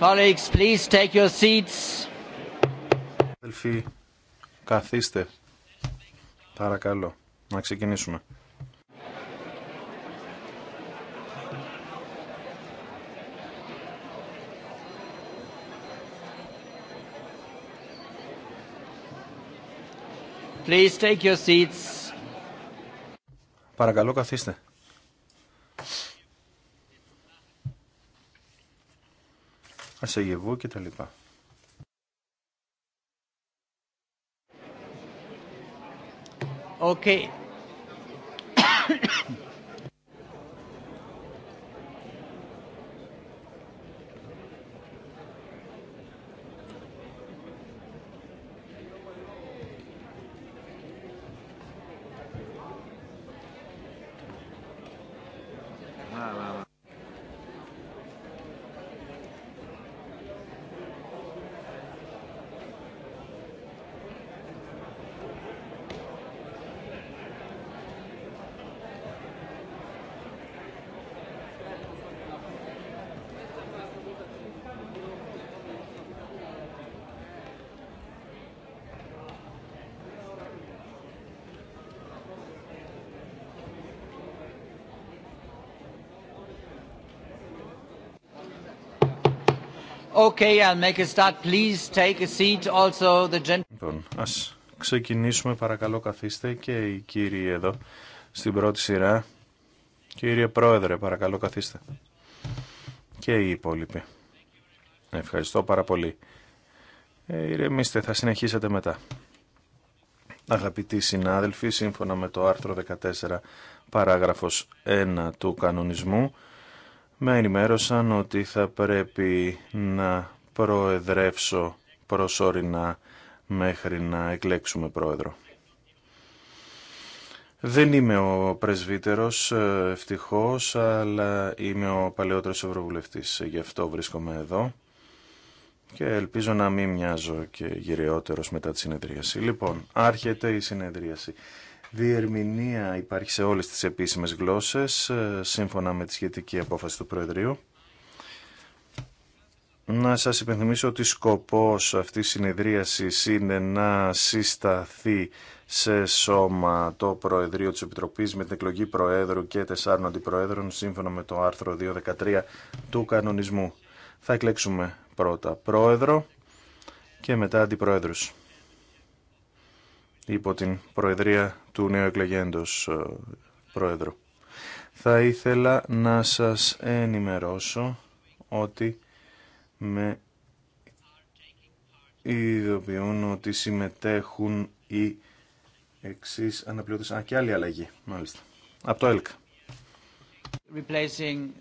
Colleagues, please take your seats. Αδελφοί, καθίστε. Παρακαλώ, να ξεκινήσουμε. Please take your seats. Παρακαλώ, καθίστε. σε γεγό και τα λοιπά. Okay. Okay, I'll make a start. Please take a seat also the λοιπόν, ας ξεκινήσουμε παρακαλώ καθίστε και οι κύριοι εδώ στην πρώτη σειρά. Κύριε Πρόεδρε, παρακαλώ καθίστε. Και οι υπόλοιποι. Ευχαριστώ πάρα πολύ. Ε, ηρεμήστε, θα συνεχίσετε μετά. Αγαπητοί συνάδελφοι, σύμφωνα με το άρθρο 14 παράγραφος 1 του κανονισμού, με ενημέρωσαν ότι θα πρέπει να προεδρεύσω προσωρινά μέχρι να εκλέξουμε πρόεδρο. Δεν είμαι ο πρεσβύτερος ε, ευτυχώς, αλλά είμαι ο παλαιότερος ευρωβουλευτής, γι' αυτό βρίσκομαι εδώ και ελπίζω να μην μοιάζω και γυριότερος μετά τη συνεδρίαση. Λοιπόν, άρχεται η συνεδρίαση. Διερμηνία υπάρχει σε όλες τις επίσημες γλώσσες, ε, σύμφωνα με τη σχετική απόφαση του Προεδρείου. Να σας υπενθυμίσω ότι σκοπός αυτής της συνεδρίασης είναι να συσταθεί σε σώμα το Προεδρείο της Επιτροπής με την εκλογή Προέδρου και τεσσάρων αντιπροέδρων σύμφωνα με το άρθρο 213 του κανονισμού. Θα εκλέξουμε πρώτα Πρόεδρο και μετά Αντιπροέδρους υπό την Προεδρία του νέου εκλεγέντος ε, Πρόεδρου. Θα ήθελα να σας ενημερώσω ότι με ειδοποιούν ότι συμμετέχουν οι εξής αναπληρώτες... Α, και άλλη αλλαγή, μάλιστα. Από το ΕΛΚ.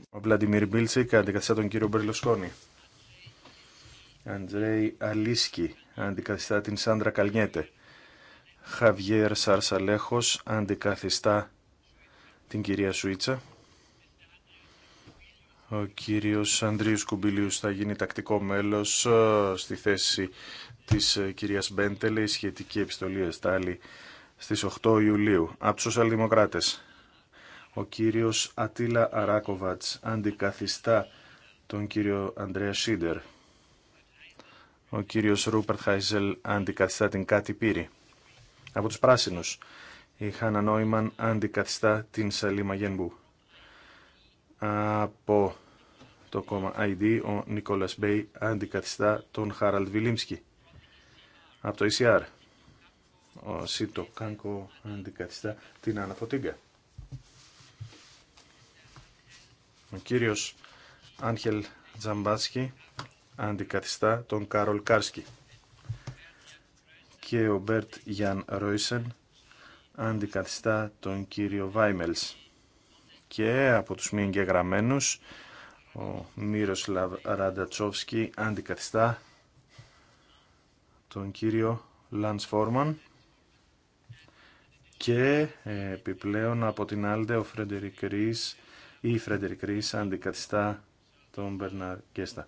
Ο Βλαντιμίρ Μπίλτσικ αντικαθιστά τον κύριο Μπερλοσκόνη. Αντρέι Αλίσκι αντικαθιστά την Σάντρα Καλνιέτε. Χαβιέρ Σαρσαλέχος αντικαθιστά την κυρία Σουίτσα. Ο κύριος Ανδρίου Κουμπιλίους θα γίνει τακτικό μέλος ε, στη θέση της ε, κυρίας Μπέντελε. Η σχετική επιστολή εστάλει στις 8 Ιουλίου. Από τους ο κύριος Ατίλα Αράκοβατς αντικαθιστά τον κύριο Ανδρέα Σίντερ. Ο κύριος Ρούπερτ Χάιζελ αντικαθιστά την Κάτι Πύρη από τους πράσινους. Η Χάνα αντικαθιστά την Σαλή Γένμπου. Από το κόμμα ID ο Νικόλας Μπέι αντικαθιστά τον Χάραλτ Βιλίμσκι. Από το ECR ο Σίτο Κάνκο αντικαθιστά την Άννα Ο κύριος Άνχελ Τζαμπάσκι αντικαθιστά τον Κάρολ Κάρσκι και ο Μπέρτ Γιάν Ρόισεν αντικαθιστά τον κύριο Βάιμελς. Και από τους μη εγγεγραμμένους ο Μύροσλαβ Ραντατσόφσκι αντικαθιστά τον κύριο Λάντς Φόρμαν και επιπλέον από την άλλη ο Φρεντερικ Ρίς ή Φρεντερικ Ρίς αντικαθιστά τον Μπερνάρ Κέστα.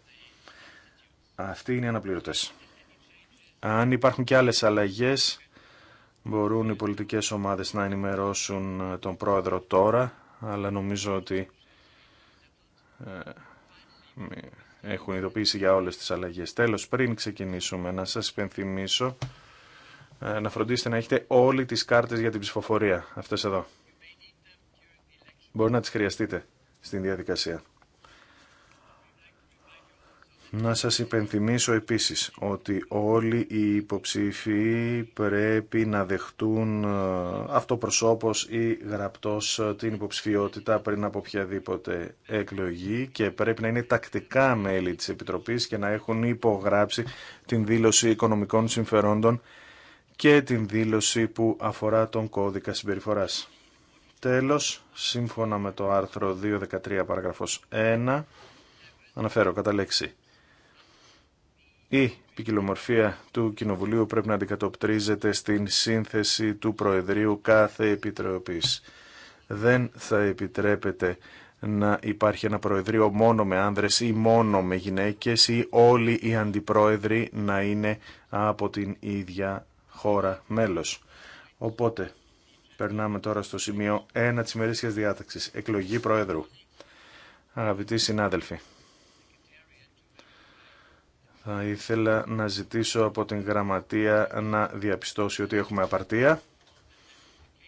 Αυτοί είναι οι αναπληρωτές. Αν υπάρχουν και άλλες αλλαγές, μπορούν οι πολιτικές ομάδες να ενημερώσουν ε, τον πρόεδρο τώρα, αλλά νομίζω ότι ε, έχουν ειδοποίησει για όλες τις αλλαγές. Τέλος, πριν ξεκινήσουμε, να σας υπενθυμίσω ε, να φροντίσετε να έχετε όλοι τις κάρτες για την ψηφοφορία, αυτές εδώ. Μπορεί να τις χρειαστείτε στην διαδικασία. Να σας υπενθυμίσω επίσης ότι όλοι οι υποψήφοι πρέπει να δεχτούν ε, αυτοπροσώπως ή γραπτός ε, την υποψηφιότητα πριν από οποιαδήποτε εκλογή και πρέπει να είναι τακτικά μέλη της Επιτροπής και να έχουν υπογράψει την δήλωση οικονομικών συμφερόντων και την δήλωση που αφορά τον κώδικα συμπεριφοράς. Τέλος, σύμφωνα με το άρθρο 213 παραγραφός 1, αναφέρω κατά λέξη η ποικιλομορφία του Κοινοβουλίου πρέπει να αντικατοπτρίζεται στην σύνθεση του Προεδρείου κάθε επιτροπής. Δεν θα επιτρέπεται να υπάρχει ένα Προεδρείο μόνο με άνδρες ή μόνο με γυναίκες ή όλοι οι αντιπρόεδροι να είναι από την ίδια χώρα μέλος. Οπότε, περνάμε τώρα στο σημείο 1 της ημερήσιας διάταξης, εκλογή Προέδρου. Αγαπητοί συνάδελφοι, θα ήθελα να ζητήσω από την γραμματεία να διαπιστώσει ότι έχουμε απαρτία.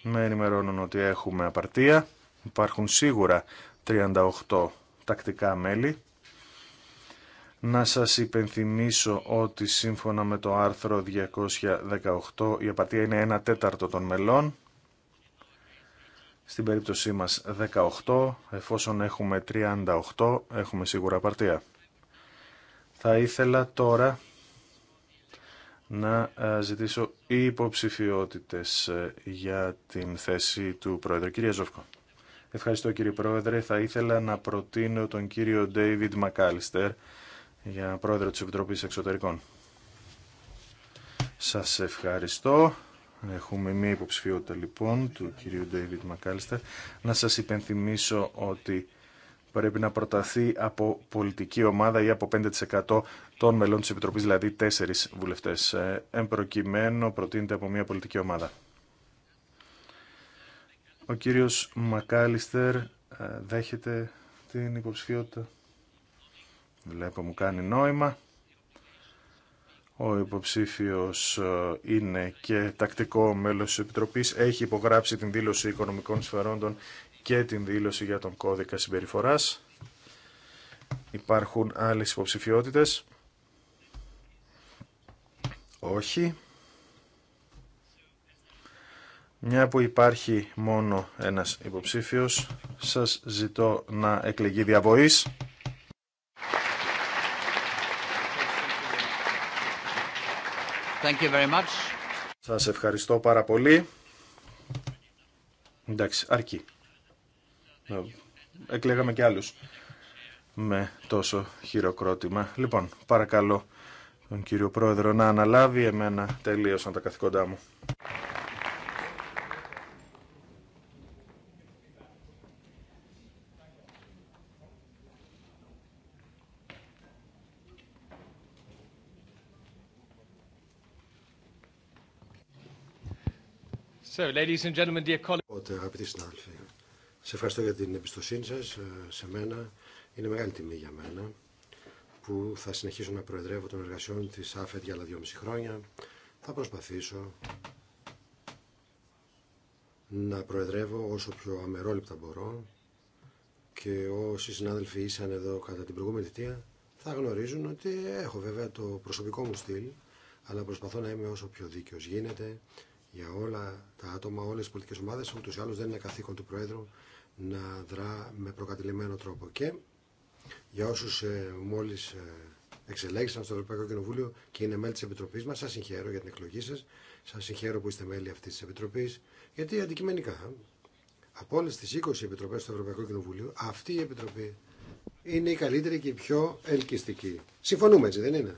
Με ενημερώνουν ότι έχουμε απαρτία. Υπάρχουν σίγουρα 38 τακτικά μέλη. Να σας υπενθυμίσω ότι σύμφωνα με το άρθρο 218 η απαρτία είναι 1 τέταρτο των μελών. Στην περίπτωσή μας 18, εφόσον έχουμε 38 έχουμε σίγουρα απαρτία. Θα ήθελα τώρα να ε, ζητήσω υποψηφιότητες ε, για την θέση του Πρόεδρου. Κυρία Ζόφκο. Ευχαριστώ κύριε Πρόεδρε. Θα ήθελα να προτείνω τον κύριο Ντέιβιντ Μακάλιστερ για Πρόεδρο της Επιτροπής Εξωτερικών. Σας ευχαριστώ. Έχουμε μία υποψηφιότητα λοιπόν του κυρίου Ντέιβιντ Μακάλιστερ. Να σας υπενθυμίσω ότι πρέπει να προταθεί από πολιτική ομάδα ή από 5% των μελών της Επιτροπής, δηλαδή τέσσερις βουλευτές. Ε, προκειμένου, προτείνεται από μια πολιτική ομάδα. Ο κύριος Μακάλιστερ ε, δέχεται την υποψηφιότητα. Βλέπω μου κάνει νόημα. Ο υποψήφιος ε, είναι και τακτικό μέλος της Επιτροπής. Έχει υπογράψει την δήλωση οικονομικών συμφερόντων και την δήλωση για τον κώδικα συμπεριφοράς. Υπάρχουν άλλες υποψηφιότητες. Όχι. Μια που υπάρχει μόνο ένας υποψήφιος, σας ζητώ να εκλεγεί διαβοής. Thank you very much. Σας ευχαριστώ πάρα πολύ. Εντάξει, αρκεί. Ε, εκλέγαμε και άλλους με τόσο χειροκρότημα. Λοιπόν, παρακαλώ τον κύριο Πρόεδρο να αναλάβει. Εμένα τελείωσαν τα καθηκοντά μου. Σε ευχαριστώ για την εμπιστοσύνη σας ε, σε μένα. Είναι μεγάλη τιμή για μένα που θα συνεχίσω να προεδρεύω των εργασιών της ΑΦΕΤ για άλλα δυόμιση χρόνια. Θα προσπαθήσω να προεδρεύω όσο πιο αμερόληπτα μπορώ και όσοι συνάδελφοι ήσαν εδώ κατά την προηγούμενη θητεία θα γνωρίζουν ότι έχω βέβαια το προσωπικό μου στυλ αλλά προσπαθώ να είμαι όσο πιο δίκαιος γίνεται για όλα τα άτομα, όλε τι πολιτικές ομάδες, Ούτω ή άλλω δεν είναι καθήκον του Προέδρου να δρά με προκατηλημένο τρόπο. Και για όσους ε, μόλις ε, εξελέγησαν στο Ευρωπαϊκό Κοινοβούλιο και είναι μέλη τη Επιτροπή μα, σα συγχαίρω για την εκλογή σα, σα συγχαίρω που είστε μέλη αυτή τη Επιτροπής, γιατί αντικειμενικά από όλε τι 20 επιτροπέ του Ευρωπαϊκού Κοινοβουλίου, αυτή η επιτροπή είναι η καλύτερη και η πιο ελκυστική. Συμφωνούμε έτσι, δεν είναι.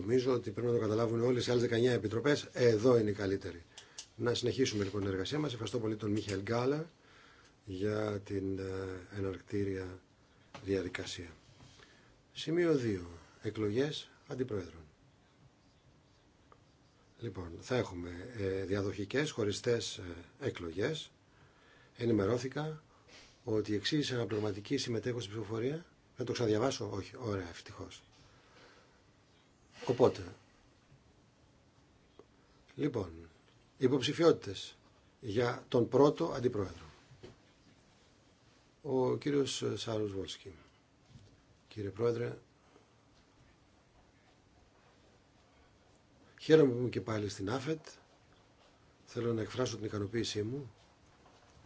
Νομίζω ότι πρέπει να το καταλάβουν όλε οι άλλε 19 επιτροπέ. Εδώ είναι οι καλύτεροι. Να συνεχίσουμε λοιπόν την εργασία μα. Ευχαριστώ πολύ τον Μίχαελ Γκάλα για την ε, εναρκτήρια διαδικασία. Σημείο 2. Εκλογέ αντιπροέδρων. Λοιπόν, θα έχουμε ε, διαδοχικές, χωριστές ε, εκλογές. Ενημερώθηκα ότι η εξή αναπληρωματική συμμετέχω στην ψηφοφορία. Να το ξαναδιαβάσω. Όχι, ωραία, ευτυχώς. Οπότε, λοιπόν, υποψηφιότητες για τον πρώτο αντιπρόεδρο. Ο κύριος Σάρος Βόλσκι. Κύριε Πρόεδρε, χαίρομαι που είμαι και πάλι στην ΑΦΕΤ. Θέλω να εκφράσω την ικανοποίησή μου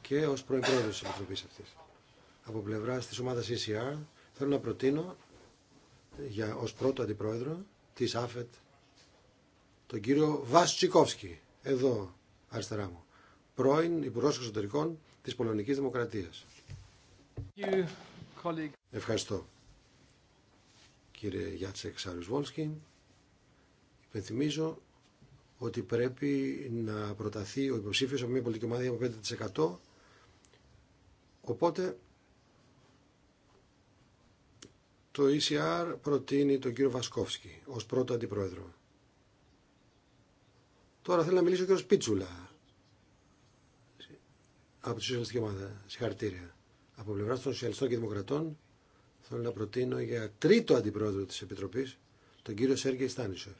και ως πρώην πρόεδρος της Επιτροπής αυτής. Από πλευράς της ομάδας ECR θέλω να προτείνω για, ως πρώτο αντιπρόεδρο της ΑΦΕΤ, τον κύριο Βαστσικόφσκι, εδώ αριστερά μου, πρώην Υπουργός Εξωτερικών της Πολωνικής Δημοκρατίας. Ευχαριστώ. Κύριε Γιάτσεκ Σαρισβόλσκι, υπενθυμίζω ότι πρέπει να προταθεί ο υποψήφιος από μια πολιτική ομάδα από 5%. Οπότε το ECR προτείνει τον κύριο Βασκόφσκι ως πρώτο αντιπρόεδρο. Τώρα θέλει να μιλήσει ο κύριο Πίτσουλα από τη Σοσιαλιστική Ομάδα. Συγχαρητήρια. Από πλευρά των Σοσιαλιστών και Δημοκρατών θέλω να προτείνω για τρίτο αντιπρόεδρο της Επιτροπής τον κύριο Σέργεϊ Στάνισεφ.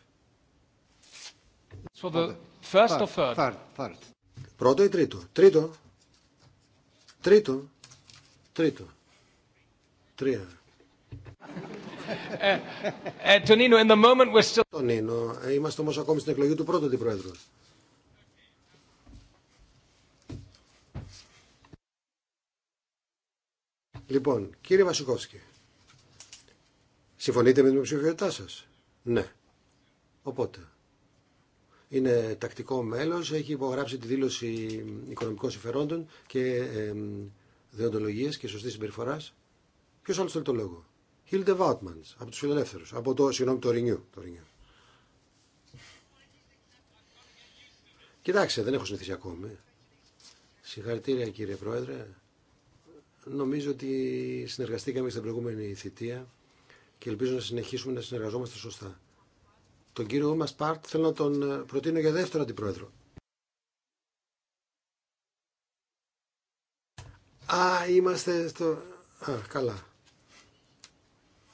Πρώτο ή τρίτο. Τρίτο. Τρίτο. Τρίτο. Τρία. Ε, ε, Τονίνο, in the moment we're still... Τονίνο, ε, είμαστε όμως ακόμη στην εκλογή του πρώτου αντιπρόεδρου. Λοιπόν, κύριε Βασικόφσκι, συμφωνείτε με την υποψηφιότητά σας. Ναι. Οπότε, είναι τακτικό μέλος, έχει υπογράψει τη δήλωση οικονομικών συμφερόντων και ε, και σωστής συμπεριφοράς. Ποιος άλλος θέλει το λόγο. Χίλτε Βάουτμανς, από τους φιλελεύθερους, από το, συγγνώμη, το Ρινιού. Το Κοιτάξτε, δεν έχω συνηθίσει ακόμη. Συγχαρητήρια κύριε Πρόεδρε. Νομίζω ότι συνεργαστήκαμε στην προηγούμενη θητεία και ελπίζω να συνεχίσουμε να συνεργαζόμαστε σωστά. Τον κύριο μας Πάρτ θέλω να τον ε, προτείνω για δεύτερο αντιπρόεδρο. Α, είμαστε στο... Α, καλά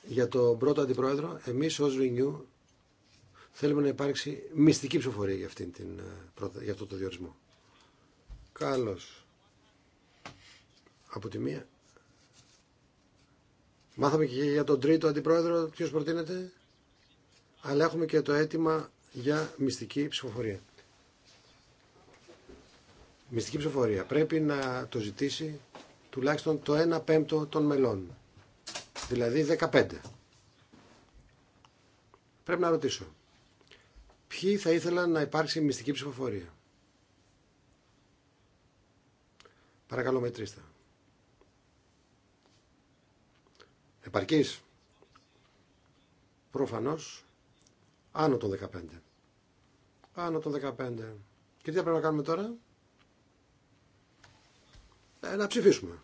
για τον πρώτο αντιπρόεδρο, εμεί ως Renew θέλουμε να υπάρξει μυστική ψηφοφορία για, αυτήν την, ε, για αυτό το διορισμό. Καλώ. Από τη μία. Μάθαμε και για τον τρίτο αντιπρόεδρο, ποιο προτείνεται. Αλλά έχουμε και το αίτημα για μυστική ψηφοφορία. Μυστική ψηφοφορία. Πρέπει να το ζητήσει τουλάχιστον το 1 πέμπτο των μελών δηλαδή 15. Πρέπει να ρωτήσω, ποιοι θα ήθελαν να υπάρξει μυστική ψηφοφορία. Παρακαλώ μετρήστε. Επαρκής. Προφανώς, άνω των 15. Άνω των 15. Και τι θα πρέπει να κάνουμε τώρα. Ε, να ψηφίσουμε.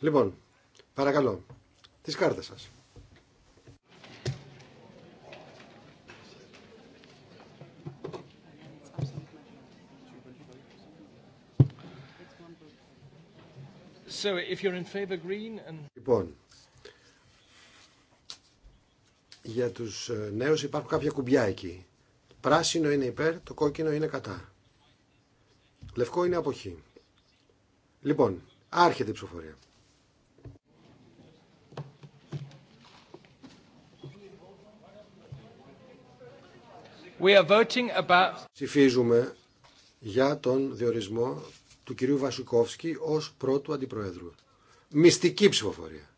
Λοιπόν, παρακαλώ, τις κάρτες σας. Λοιπόν, για τους ε, νέους υπάρχουν κάποια κουμπιά εκεί. Πράσινο είναι υπέρ, το κόκκινο είναι κατά. Λευκό είναι αποχή. Λοιπόν, άρχεται η ψηφοφορία. Ψηφίζουμε για τον διορισμό του κυρίου Βασουκόφσκη ως πρώτου αντιπροέδρου. Μυστική ψηφοφορία.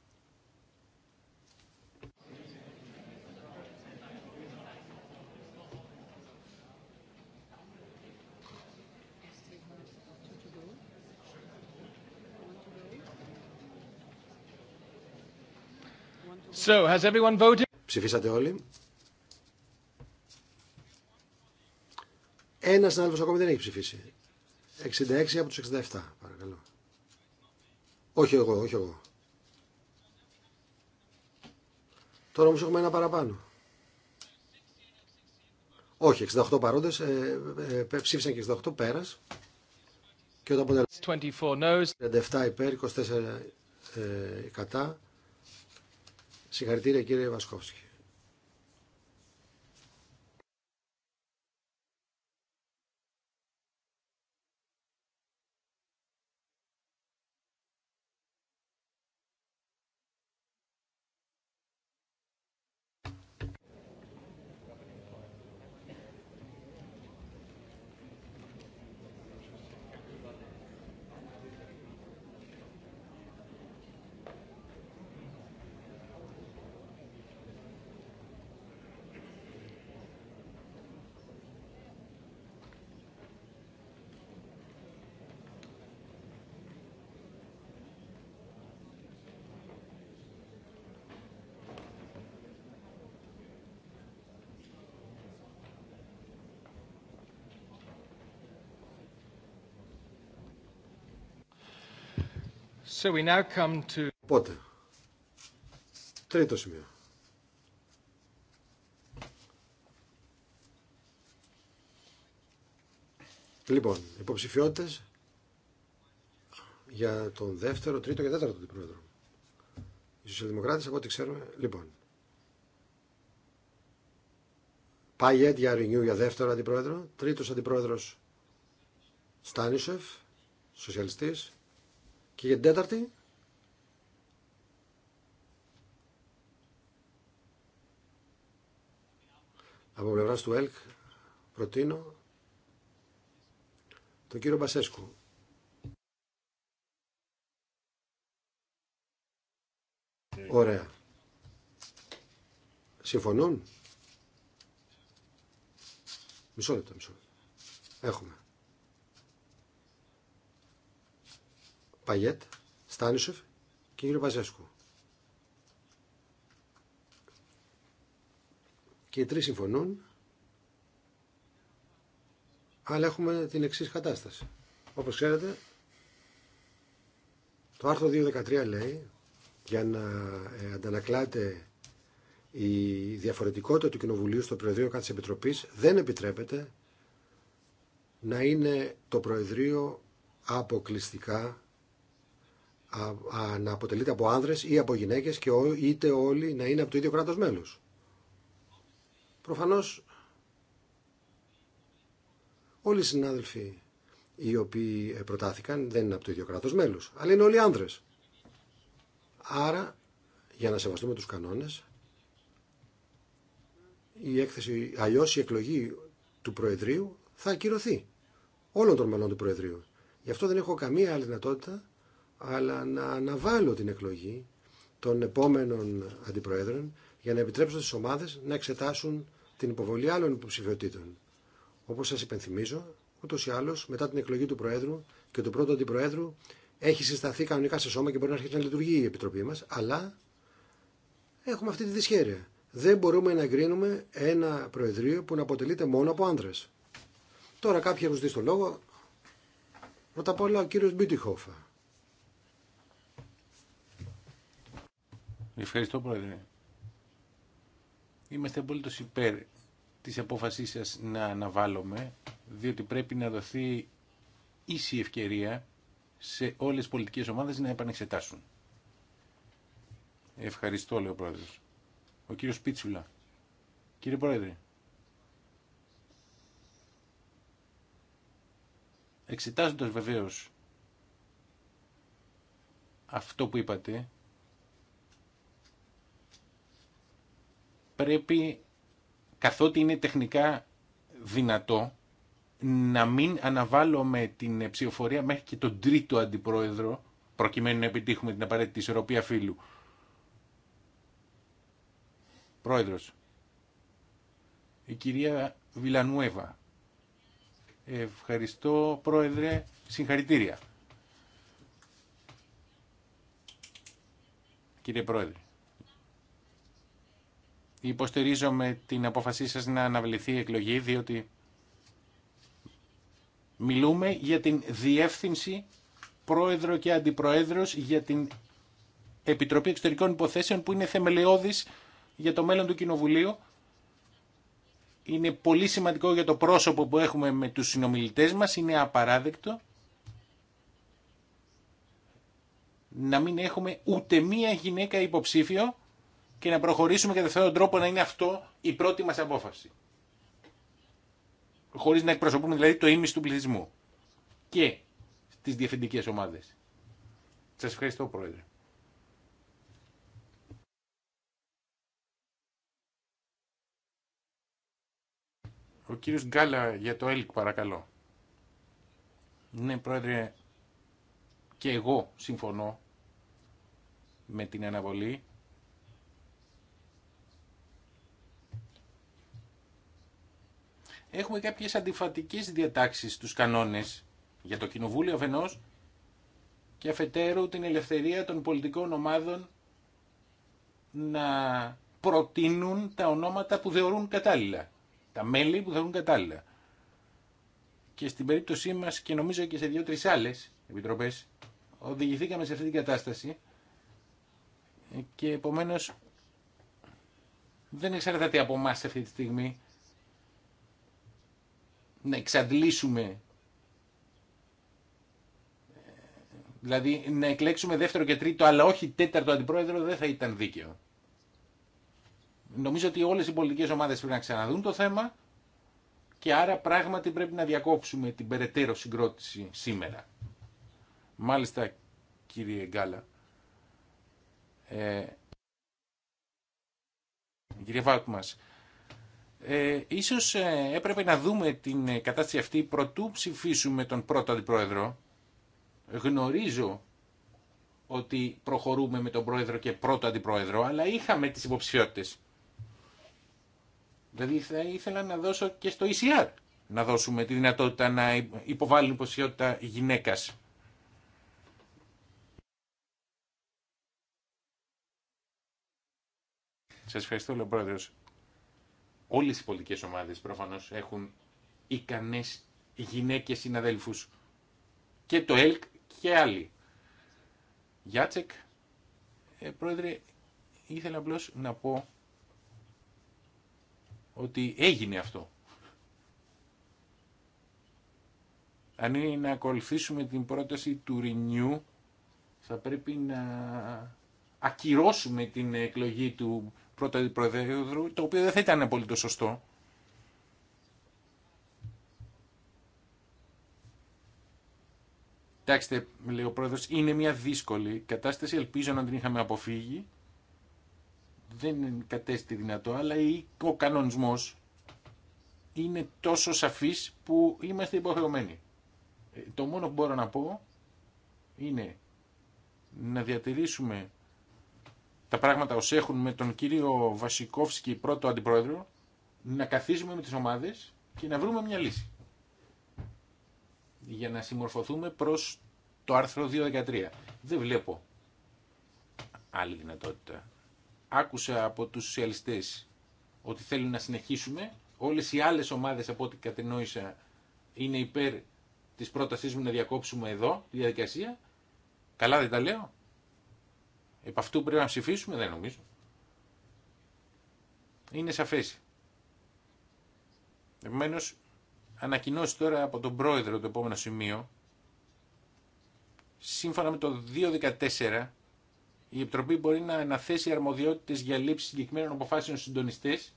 So, has everyone voted? Ψηφίσατε όλοι. Ένα συνάδελφο ακόμη δεν έχει ψηφίσει. 66 από του 67, παρακαλώ. Όχι εγώ, όχι εγώ. Τώρα όμω έχουμε ένα παραπάνω. Όχι, 68 παρόντε. Ε, ε, ε, ψήφισαν και 68 πέρα. Και όταν αποτέλεσμα. 37 υπέρ, 24 ε, κατά. Συγχαρητήρια κύριε Βασκόφσκι. Οπότε, τρίτο σημείο. Λοιπόν, υποψηφιότητε για τον δεύτερο, τρίτο και τέταρτο αντιπρόεδρο. Οι σοσιαλδημοκράτε, από ό,τι ξέρουμε, λοιπόν. πάει για Ρινιού για δεύτερο αντιπρόεδρο. Τρίτο αντιπρόεδρο Στάνισεφ, σοσιαλιστής. Και για την τέταρτη. Από πλευρά του ΕΛΚ προτείνω τον κύριο Μπασέσκου. Ωραία. Συμφωνούν. Μισό λεπτό, μισό λεπτό. Έχουμε. Παγιέτ, Στάνισεφ και κύριο Παζέσκου. Και οι τρεις συμφωνούν, αλλά έχουμε την εξής κατάσταση. Όπως ξέρετε, το άρθρο 2.13 λέει, για να ε, αντανακλάτε η διαφορετικότητα του Κοινοβουλίου στο Προεδρείο κάθε Επιτροπή δεν επιτρέπεται να είναι το Προεδρείο αποκλειστικά να αποτελείται από άνδρες ή από γυναίκες και είτε όλοι να είναι από το ίδιο κράτος μέλος. Προφανώς όλοι οι συνάδελφοι οι οποίοι ε, προτάθηκαν δεν είναι από το ίδιο κράτος μέλος, αλλά είναι όλοι άνδρες. Άρα, για να σεβαστούμε τους κανόνες, η έκθεση, αλλιώς η εκλογή του Προεδρείου θα ακυρωθεί όλων των μελών του Προεδρείου. Γι' αυτό δεν έχω καμία άλλη δυνατότητα αλλά να αναβάλω την εκλογή των επόμενων αντιπροέδρων για να επιτρέψω στις ομάδες να εξετάσουν την υποβολή άλλων υποψηφιότητων. Όπως σας υπενθυμίζω, ούτως ή άλλως μετά την εκλογή του Προέδρου και του πρώτου αντιπροέδρου έχει συσταθεί κανονικά σε σώμα και μπορεί να αρχίσει να λειτουργεί η Επιτροπή μας, αλλά έχουμε αυτή τη δυσχέρεια. Δεν μπορούμε να εγκρίνουμε ένα Προεδρείο που να αποτελείται μόνο από άντρε. Τώρα κάποιοι έχουν ζητήσει το λόγο. Πρώτα απ' όλα ο κύριος Μπίτιχοφ, Ευχαριστώ Πρόεδρε. Είμαστε απόλυτος υπέρ της απόφασής σας να αναβάλουμε, διότι πρέπει να δοθεί ίση ευκαιρία σε όλες τις πολιτικές ομάδες να επανεξετάσουν. Ευχαριστώ, λέει ο Πρόεδρος. Ο κύριος Πίτσουλα. Κύριε Πρόεδρε. Εξετάζοντας βεβαίως αυτό που είπατε, πρέπει καθότι είναι τεχνικά δυνατό να μην αναβάλουμε την ψηφοφορία μέχρι και τον τρίτο αντιπρόεδρο προκειμένου να επιτύχουμε την απαραίτητη ισορροπία φύλου. Πρόεδρος, η κυρία Βιλανουέβα. Ευχαριστώ, πρόεδρε. Συγχαρητήρια. Κύριε Πρόεδρε υποστηρίζομαι την αποφασή σας να αναβληθεί η εκλογή, διότι μιλούμε για την διεύθυνση πρόεδρο και αντιπροέδρος για την Επιτροπή Εξωτερικών Υποθέσεων που είναι θεμελιώδης για το μέλλον του Κοινοβουλίου. Είναι πολύ σημαντικό για το πρόσωπο που έχουμε με τους συνομιλητές μας, είναι απαράδεκτο να μην έχουμε ούτε μία γυναίκα υποψήφιο και να προχωρήσουμε κατά αυτόν τον τρόπο να είναι αυτό η πρώτη μας απόφαση. Χωρίς να εκπροσωπούμε δηλαδή το ίμιση του πληθυσμού και στις διευθυντικές ομάδες. Σας ευχαριστώ Πρόεδρε. Ο κύριος Γκάλα για το ΕΛΚ παρακαλώ. Ναι Πρόεδρε και εγώ συμφωνώ με την αναβολή έχουμε κάποιες αντιφατικές διατάξεις στους κανόνες για το Κοινοβούλιο αφενό και αφετέρου την ελευθερία των πολιτικών ομάδων να προτείνουν τα ονόματα που θεωρούν κατάλληλα, τα μέλη που θεωρούν κατάλληλα. Και στην περίπτωσή μας και νομίζω και σε δυο τρει άλλε επιτροπέ οδηγηθήκαμε σε αυτή την κατάσταση και επομένως δεν εξαρτάται από εμά αυτή τη στιγμή να εξαντλήσουμε Δηλαδή να εκλέξουμε δεύτερο και τρίτο αλλά όχι τέταρτο αντιπρόεδρο δεν θα ήταν δίκαιο. Νομίζω ότι όλες οι πολιτικές ομάδες πρέπει να ξαναδούν το θέμα και άρα πράγματι πρέπει να διακόψουμε την περαιτέρω συγκρότηση σήμερα. Μάλιστα κύριε Γκάλα. Ε, κύριε Φάκου ε, ίσως ε, έπρεπε να δούμε την ε, κατάσταση αυτή προτού ψηφίσουμε τον πρώτο αντιπρόεδρο. Γνωρίζω ότι προχωρούμε με τον πρόεδρο και πρώτο αντιπρόεδρο, αλλά είχαμε τις υποψηφιότητες. Δηλαδή θα ήθελα να δώσω και στο ECR να δώσουμε τη δυνατότητα να υποβάλουν υποψηφιότητα γυναίκας. Σας ευχαριστώ, λέει πρόεδρος όλες οι πολιτικές ομάδες προφανώς έχουν ικανές γυναίκες συναδέλφους και το ΕΛΚ και άλλοι. Γιάτσεκ, ε, πρόεδρε, ήθελα απλώ να πω ότι έγινε αυτό. Αν είναι να ακολουθήσουμε την πρόταση του Ρινιού, θα πρέπει να ακυρώσουμε την εκλογή του πρώτο αντιπροεδρού, το οποίο δεν θα ήταν το σωστό. Κοιτάξτε, λέει ο πρόεδρος, είναι μια δύσκολη κατάσταση, ελπίζω να την είχαμε αποφύγει. Δεν κατέστη δυνατό, αλλά ο κανονισμός είναι τόσο σαφής που είμαστε υποχρεωμένοι. Ε, το μόνο που μπορώ να πω είναι να διατηρήσουμε τα πράγματα ως έχουν με τον κύριο Βασικόφσκι πρώτο αντιπρόεδρο, να καθίσουμε με τις ομάδες και να βρούμε μια λύση. Για να συμμορφωθούμε προς το άρθρο 2.13. Δεν βλέπω άλλη δυνατότητα. Άκουσα από τους σοσιαλιστές ότι θέλουν να συνεχίσουμε. Όλες οι άλλες ομάδες από ό,τι κατενόησα είναι υπέρ της πρότασής μου να διακόψουμε εδώ τη διαδικασία. Καλά δεν τα λέω. Επ' αυτού πρέπει να ψηφίσουμε, δεν νομίζω. Είναι σαφέ. Επομένω, ανακοινώσει τώρα από τον πρόεδρο το επόμενο σημείο, σύμφωνα με το 2.14, η Επιτροπή μπορεί να αναθέσει αρμοδιότητε για λήψη συγκεκριμένων αποφάσεων στους συντονιστές,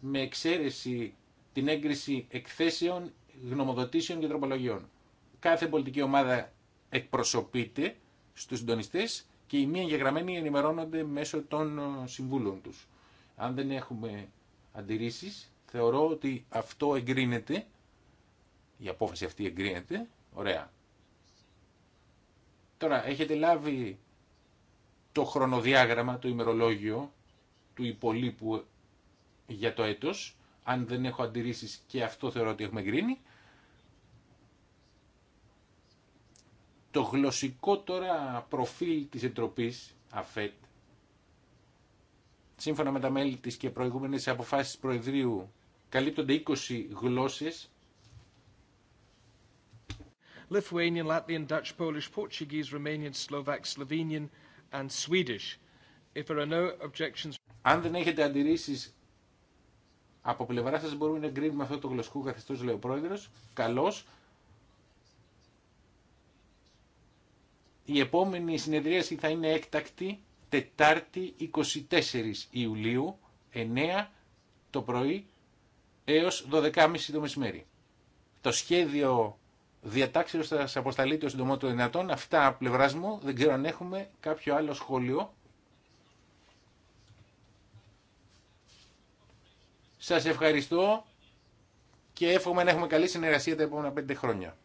με εξαίρεση την έγκριση εκθέσεων, γνωμοδοτήσεων και τροπολογιών. Κάθε πολιτική ομάδα εκπροσωπείται στους συντονιστές και οι μη εγγεγραμμένοι ενημερώνονται μέσω των ε, συμβούλων τους. Αν δεν έχουμε αντιρρήσεις, θεωρώ ότι αυτό εγκρίνεται, η απόφαση αυτή εγκρίνεται, ωραία. Τώρα, έχετε λάβει το χρονοδιάγραμμα, το ημερολόγιο του υπολείπου για το έτος, αν δεν έχω αντιρρήσεις και αυτό θεωρώ ότι έχουμε εγκρίνει, Το γλωσσικό τώρα προφίλ της Εντροπής ΑΦΕΤ, σύμφωνα με τα μέλη της και προηγούμενες αποφάσεις Προεδρίου, καλύπτονται 20 γλώσσες. Lithuanian, Latvian, Dutch, Polish, Portuguese, Romanian, Slovak, Slovenian and Swedish. If there are no objections... Αν δεν έχετε αντιρρήσεις από πλευρά σας μπορούμε να εγκρίνουμε αυτό το γλωσσικό καθεστώς, λέει ο Πρόεδρος. Η επόμενη συνεδρίαση θα είναι έκτακτη Τετάρτη 24 Ιουλίου 9 το πρωί έως 12.30 το μεσημέρι. Το σχέδιο διατάξεως θα σας αποσταλεί το συντομότερο δυνατόν. Αυτά από μου. Δεν ξέρω αν έχουμε κάποιο άλλο σχόλιο. Σας ευχαριστώ και εύχομαι να έχουμε καλή συνεργασία τα επόμενα πέντε χρόνια.